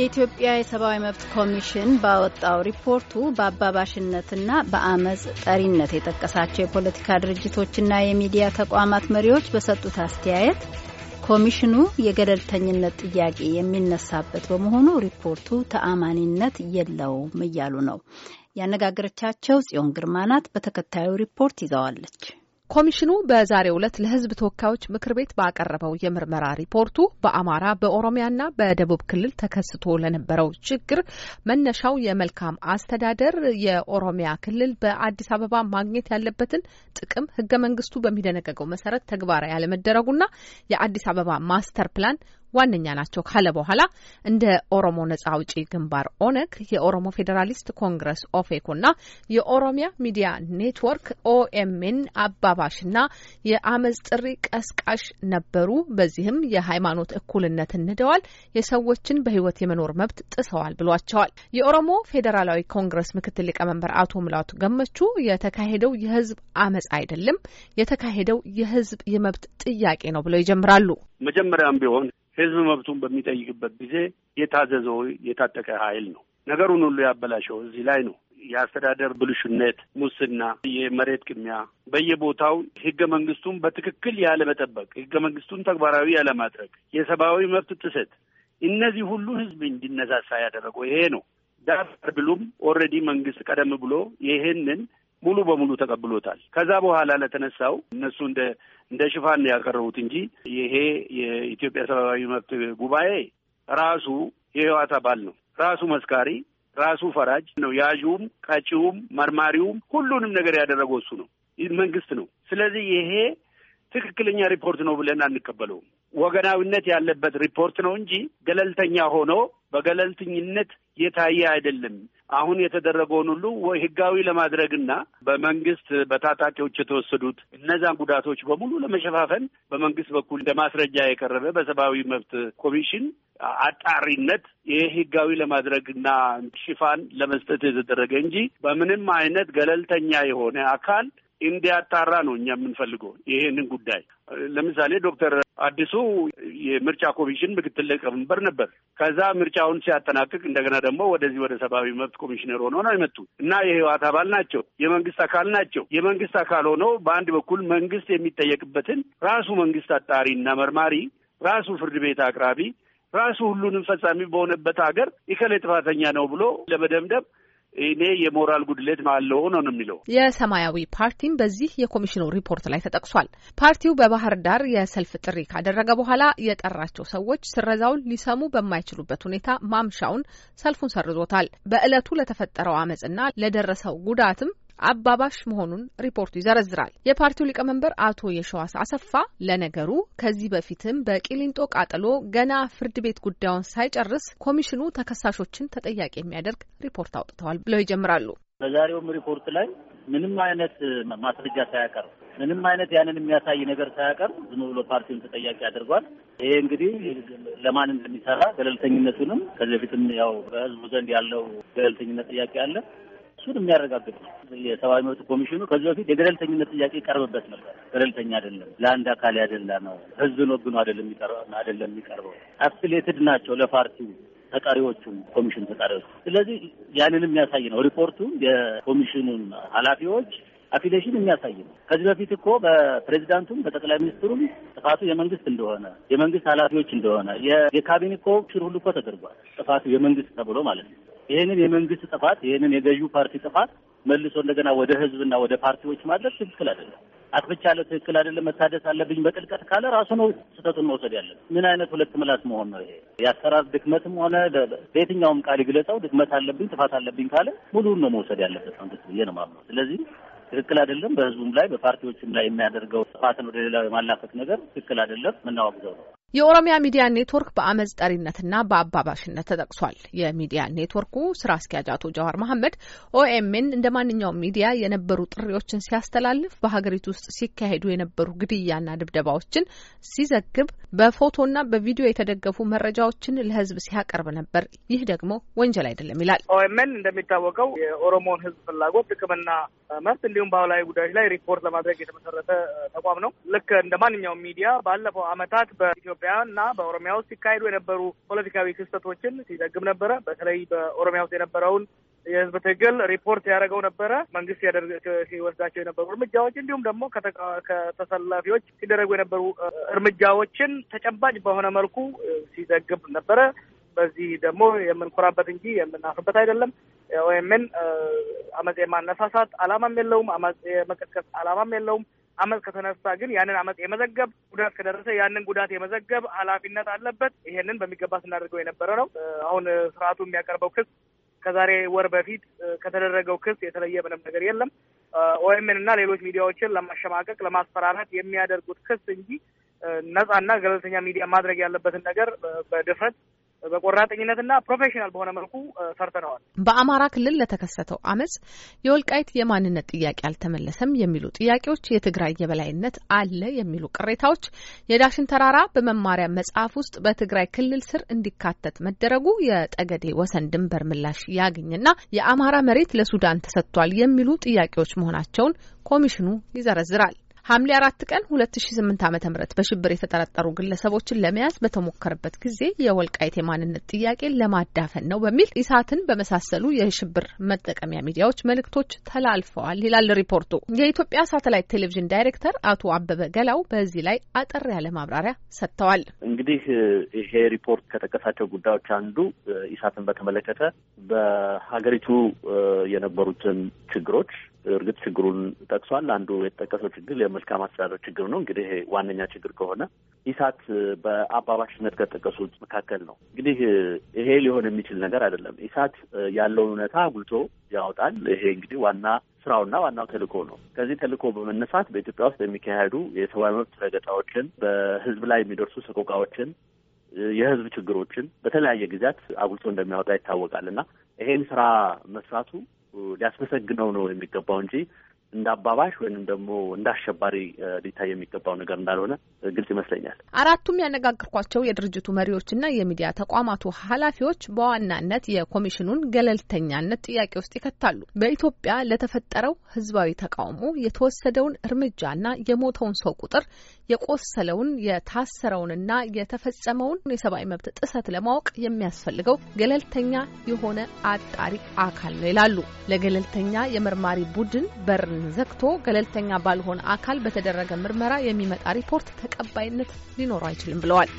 የኢትዮጵያ የሰብአዊ መብት ኮሚሽን ባወጣው ሪፖርቱ በአባባሽነትና በአመፅ ጠሪነት የጠቀሳቸው የፖለቲካ ድርጅቶችና የሚዲያ ተቋማት መሪዎች በሰጡት አስተያየት ኮሚሽኑ የገለልተኝነት ጥያቄ የሚነሳበት በመሆኑ ሪፖርቱ ተአማኒነት የለውም እያሉ ነው። ያነጋገረቻቸው ጽዮን ግርማ ናት። በተከታዩ ሪፖርት ይዘዋለች። ኮሚሽኑ በዛሬው ዕለት ለሕዝብ ተወካዮች ምክር ቤት ባቀረበው የምርመራ ሪፖርቱ በአማራ በኦሮሚያና በደቡብ ክልል ተከስቶ ለነበረው ችግር መነሻው የመልካም አስተዳደር የኦሮሚያ ክልል በአዲስ አበባ ማግኘት ያለበትን ጥቅም ሕገ መንግስቱ በሚደነገገው መሰረት ተግባራዊ ያለመደረጉና የአዲስ አበባ ማስተር ፕላን ዋነኛ ናቸው ካለ በኋላ እንደ ኦሮሞ ነጻ አውጪ ግንባር ኦነግ፣ የኦሮሞ ፌዴራሊስት ኮንግረስ ኦፌኮና የኦሮሚያ ሚዲያ ኔትወርክ ኦኤምኤን አባባሽና የአመፅ ጥሪ ቀስቃሽ ነበሩ። በዚህም የሃይማኖት እኩልነት እንደዋል፣ የሰዎችን በህይወት የመኖር መብት ጥሰዋል ብሏቸዋል። የኦሮሞ ፌዴራላዊ ኮንግረስ ምክትል ሊቀመንበር አቶ ሙላቱ ገመቹ የተካሄደው የህዝብ አመፅ አይደለም፣ የተካሄደው የህዝብ የመብት ጥያቄ ነው ብለው ይጀምራሉ። መጀመሪያም ቢሆን ህዝብ መብቱን በሚጠይቅበት ጊዜ የታዘዘው የታጠቀ ኃይል ነው። ነገሩን ሁሉ ያበላሸው እዚህ ላይ ነው። የአስተዳደር ብልሹነት፣ ሙስና፣ የመሬት ቅሚያ በየቦታው ህገ መንግስቱን በትክክል ያለመጠበቅ፣ ህገ መንግስቱን ተግባራዊ ያለማድረግ፣ የሰብአዊ መብት ጥሰት፣ እነዚህ ሁሉ ህዝብ እንዲነሳሳ ያደረገው ይሄ ነው። ዳር ብሉም ኦልሬዲ መንግስት ቀደም ብሎ ይህንን ሙሉ በሙሉ ተቀብሎታል። ከዛ በኋላ ለተነሳው እነሱ እንደ እንደ ሽፋን ያቀረቡት እንጂ ይሄ የኢትዮጵያ ሰብአዊ መብት ጉባኤ ራሱ የህወሓት አባል ነው። ራሱ መስካሪ፣ ራሱ ፈራጅ ነው። ያዥውም፣ ቀጪውም፣ መርማሪውም ሁሉንም ነገር ያደረገው እሱ ነው፣ መንግስት ነው። ስለዚህ ይሄ ትክክለኛ ሪፖርት ነው ብለን አንቀበለውም። ወገናዊነት ያለበት ሪፖርት ነው እንጂ ገለልተኛ ሆኖ በገለልተኝነት የታየ አይደለም። አሁን የተደረገውን ሁሉ ወይ ህጋዊ ለማድረግና በመንግስት በታጣቂዎች የተወሰዱት እነዛን ጉዳቶች በሙሉ ለመሸፋፈን በመንግስት በኩል እንደ ማስረጃ የቀረበ በሰብአዊ መብት ኮሚሽን አጣሪነት ይህ ህጋዊ ለማድረግና ሽፋን ለመስጠት የተደረገ እንጂ በምንም አይነት ገለልተኛ የሆነ አካል እንዲያጣራ ነው እኛ የምንፈልገው ይሄንን ጉዳይ። ለምሳሌ ዶክተር አዲሱ የምርጫ ኮሚሽን ምክትል ሊቀመንበር ነበር። ከዛ ምርጫውን ሲያጠናቅቅ እንደገና ደግሞ ወደዚህ ወደ ሰብአዊ መብት ኮሚሽነር ሆኖ ነው የመጡ እና የህወሓት አባል ናቸው፣ የመንግስት አካል ናቸው። የመንግስት አካል ሆኖ በአንድ በኩል መንግስት የሚጠየቅበትን ራሱ መንግስት አጣሪና መርማሪ ራሱ ፍርድ ቤት አቅራቢ ራሱ ሁሉንም ፈጻሚ በሆነበት ሀገር ይከሌ ጥፋተኛ ነው ብሎ ለመደምደም እኔ የሞራል ጉድለት አለው ነው ነው የሚለው የሰማያዊ ፓርቲም በዚህ የኮሚሽኑ ሪፖርት ላይ ተጠቅሷል። ፓርቲው በባህር ዳር የሰልፍ ጥሪ ካደረገ በኋላ የጠራቸው ሰዎች ስረዛውን ሊሰሙ በማይችሉበት ሁኔታ ማምሻውን ሰልፉን ሰርዞታል። በዕለቱ ለተፈጠረው አመፅና ለደረሰው ጉዳትም አባባሽ መሆኑን ሪፖርቱ ይዘረዝራል። የፓርቲው ሊቀመንበር አቶ የሸዋስ አሰፋ ለነገሩ ከዚህ በፊትም በቂሊንጦ ቃጠሎ ገና ፍርድ ቤት ጉዳዩን ሳይጨርስ ኮሚሽኑ ተከሳሾችን ተጠያቂ የሚያደርግ ሪፖርት አውጥተዋል ብለው ይጀምራሉ። በዛሬውም ሪፖርት ላይ ምንም አይነት ማስረጃ ሳያቀርብ ምንም አይነት ያንን የሚያሳይ ነገር ሳያቀርብ ዝም ብሎ ፓርቲውን ተጠያቂ አድርጓል። ይሄ እንግዲህ ለማን እንደሚሰራ ገለልተኝነቱንም ከዚህ በፊትም ያው በህዝቡ ዘንድ ያለው ገለልተኝነት ጥያቄ አለ። እሱን የሚያረጋግጥ ነው። የሰብአዊ መብት ኮሚሽኑ ከዚህ በፊት የገለልተኝነት ጥያቄ ይቀርብበት ነበር። ገለልተኛ አይደለም፣ ለአንድ አካል ያደላ ነው፣ ህዝብን ወግኖ አይደለም አይደለም የሚቀርበው። አፍሌትድ ናቸው ለፓርቲው ተጠሪዎቹም ኮሚሽን ተጠሪዎች። ስለዚህ ያንን የሚያሳይ ነው ሪፖርቱ። የኮሚሽኑን ኃላፊዎች አፊሌሽን የሚያሳይ ነው። ከዚህ በፊት እኮ በፕሬዚዳንቱም በጠቅላይ ሚኒስትሩም ጥፋቱ የመንግስት እንደሆነ የመንግስት ኃላፊዎች እንደሆነ የካቢኔ ኮሚሽን ሁሉ እኮ ተደርጓል። ጥፋቱ የመንግስት ተብሎ ማለት ነው። ይህንን የመንግስት ጥፋት ይህንን የገዢ ፓርቲ ጥፋት መልሶ እንደገና ወደ ህዝብና ወደ ፓርቲዎች ማድረግ ትክክል አይደለም። አጥፍቻለሁ፣ ትክክል አይደለም፣ መታደስ አለብኝ በጥልቀት ካለ ራሱ ነው ስህተቱን መውሰድ ያለን። ምን አይነት ሁለት ምላስ መሆን ነው ይሄ? የአሰራር ድክመትም ሆነ በየትኛውም ቃል ይግለጸው ድክመት አለብኝ፣ ጥፋት አለብኝ ካለ ሙሉውን ነው መውሰድ ያለበት መንግስት ብዬ ነው የማምነው። ስለዚህ ትክክል አይደለም፣ በህዝቡም ላይ በፓርቲዎችም ላይ የሚያደርገው ጥፋትን ወደ ሌላው የማላፈት ነገር ትክክል አይደለም፣ ምናወግዘው ነው። የኦሮሚያ ሚዲያ ኔትወርክ በአመፅ ጠሪነትና በአባባሽነት ተጠቅሷል። የሚዲያ ኔትወርኩ ስራ አስኪያጅ አቶ ጀዋር መሐመድ ኦኤምኤን እንደ ማንኛውም ሚዲያ የነበሩ ጥሪዎችን ሲያስተላልፍ፣ በሀገሪቱ ውስጥ ሲካሄዱ የነበሩ ግድያና ድብደባዎችን ሲዘግብ፣ በፎቶና በቪዲዮ የተደገፉ መረጃዎችን ለህዝብ ሲያቀርብ ነበር። ይህ ደግሞ ወንጀል አይደለም ይላል። ኦኤምኤን እንደሚታወቀው የኦሮሞን ህዝብ ፍላጎት ጥቅምና መብት እንዲሁም ባህላዊ ጉዳዮች ላይ ሪፖርት ለማድረግ የተመሰረተ ተቋም ነው። ልክ እንደ ማንኛውም ሚዲያ ባለፈው አመታት በ በኢትዮጵያ እና በኦሮሚያ ውስጥ ሲካሄዱ የነበሩ ፖለቲካዊ ክስተቶችን ሲዘግብ ነበረ። በተለይ በኦሮሚያ ውስጥ የነበረውን የህዝብ ትግል ሪፖርት ያደረገው ነበረ። መንግስት ሲወስዳቸው የነበሩ እርምጃዎች እንዲሁም ደግሞ ከተሰላፊዎች ሲደረጉ የነበሩ እርምጃዎችን ተጨባጭ በሆነ መልኩ ሲዘግብ ነበረ። በዚህ ደግሞ የምንኮራበት እንጂ የምናፍርበት አይደለም። ኦኤምን አመፅ የማነሳሳት አላማም የለውም። አመፅ የመቀስቀስ አላማም የለውም። አመፅ ከተነሳ ግን ያንን አመፅ የመዘገብ ጉዳት ከደረሰ ያንን ጉዳት የመዘገብ ኃላፊነት አለበት። ይሄንን በሚገባ ስናደርገው የነበረ ነው። አሁን ስርዓቱ የሚያቀርበው ክስ ከዛሬ ወር በፊት ከተደረገው ክስ የተለየ ምንም ነገር የለም። ኦኤምን እና ሌሎች ሚዲያዎችን ለማሸማቀቅ ለማስፈራራት የሚያደርጉት ክስ እንጂ ነጻና ገለልተኛ ሚዲያ ማድረግ ያለበትን ነገር በድፍረት በቆራጠኝነትና ፕሮፌሽናል በሆነ መልኩ ሰርተነዋል። በአማራ ክልል ለተከሰተው አመፅ የወልቃይት የማንነት ጥያቄ አልተመለሰም የሚሉ ጥያቄዎች፣ የትግራይ የበላይነት አለ የሚሉ ቅሬታዎች፣ የዳሽን ተራራ በመማሪያ መጽሐፍ ውስጥ በትግራይ ክልል ስር እንዲካተት መደረጉ፣ የጠገዴ ወሰን ድንበር ምላሽ ያገኝና የአማራ መሬት ለሱዳን ተሰጥቷል የሚሉ ጥያቄዎች መሆናቸውን ኮሚሽኑ ይዘረዝራል። ሐምሌ አራት ቀን ሁለት ሺ ስምንት ዓመተ ምህረት በሽብር የተጠረጠሩ ግለሰቦችን ለመያዝ በተሞከረበት ጊዜ የወልቃይት የማንነት ጥያቄ ለማዳፈን ነው በሚል ኢሳትን በመሳሰሉ የሽብር መጠቀሚያ ሚዲያዎች መልእክቶች ተላልፈዋል ይላል ሪፖርቱ። የኢትዮጵያ ሳተላይት ቴሌቪዥን ዳይሬክተር አቶ አበበ ገላው በዚህ ላይ አጠር ያለ ማብራሪያ ሰጥተዋል። እንግዲህ ይሄ ሪፖርት ከጠቀሳቸው ጉዳዮች አንዱ ኢሳትን በተመለከተ በሀገሪቱ የነበሩትን ችግሮች እርግጥ ችግሩን ጠቅሷል። አንዱ የተጠቀሰው ችግር መልካም አስተዳደር ችግር ነው። እንግዲህ ዋነኛ ችግር ከሆነ ኢሳት በአባባሽነት ከጠቀሱት መካከል ነው። እንግዲህ ይሄ ሊሆን የሚችል ነገር አይደለም። ኢሳት ያለውን እውነታ አጉልቶ ያወጣል። ይሄ እንግዲህ ዋና ስራውና ዋናው ተልእኮ ነው። ከዚህ ተልእኮ በመነሳት በኢትዮጵያ ውስጥ የሚካሄዱ የሰብአዊ መብት ረገጣዎችን፣ በህዝብ ላይ የሚደርሱ ሰቆቃዎችን፣ የህዝብ ችግሮችን በተለያየ ጊዜያት አጉልቶ እንደሚያወጣ ይታወቃል እና ይሄን ስራ መስራቱ ሊያስመሰግነው ነው የሚገባው እንጂ እንደ አባባሽ ወይንም ደግሞ እንደ አሸባሪ ሊታይ የሚገባው ነገር እንዳልሆነ ግልጽ ይመስለኛል። አራቱም ያነጋግርኳቸው የድርጅቱ መሪዎችና የሚዲያ ተቋማቱ ኃላፊዎች በዋናነት የኮሚሽኑን ገለልተኛነት ጥያቄ ውስጥ ይከታሉ። በኢትዮጵያ ለተፈጠረው ህዝባዊ ተቃውሞ የተወሰደውን እርምጃና የሞተውን ሰው ቁጥር የቆሰለውን የታሰረውንና የተፈጸመውን የሰብአዊ መብት ጥሰት ለማወቅ የሚያስፈልገው ገለልተኛ የሆነ አጣሪ አካል ነው ይላሉ። ለገለልተኛ የመርማሪ ቡድን በር ጣቢያን ዘግቶ ገለልተኛ ባልሆነ አካል በተደረገ ምርመራ የሚመጣ ሪፖርት ተቀባይነት ሊኖረው አይችልም ብለዋል።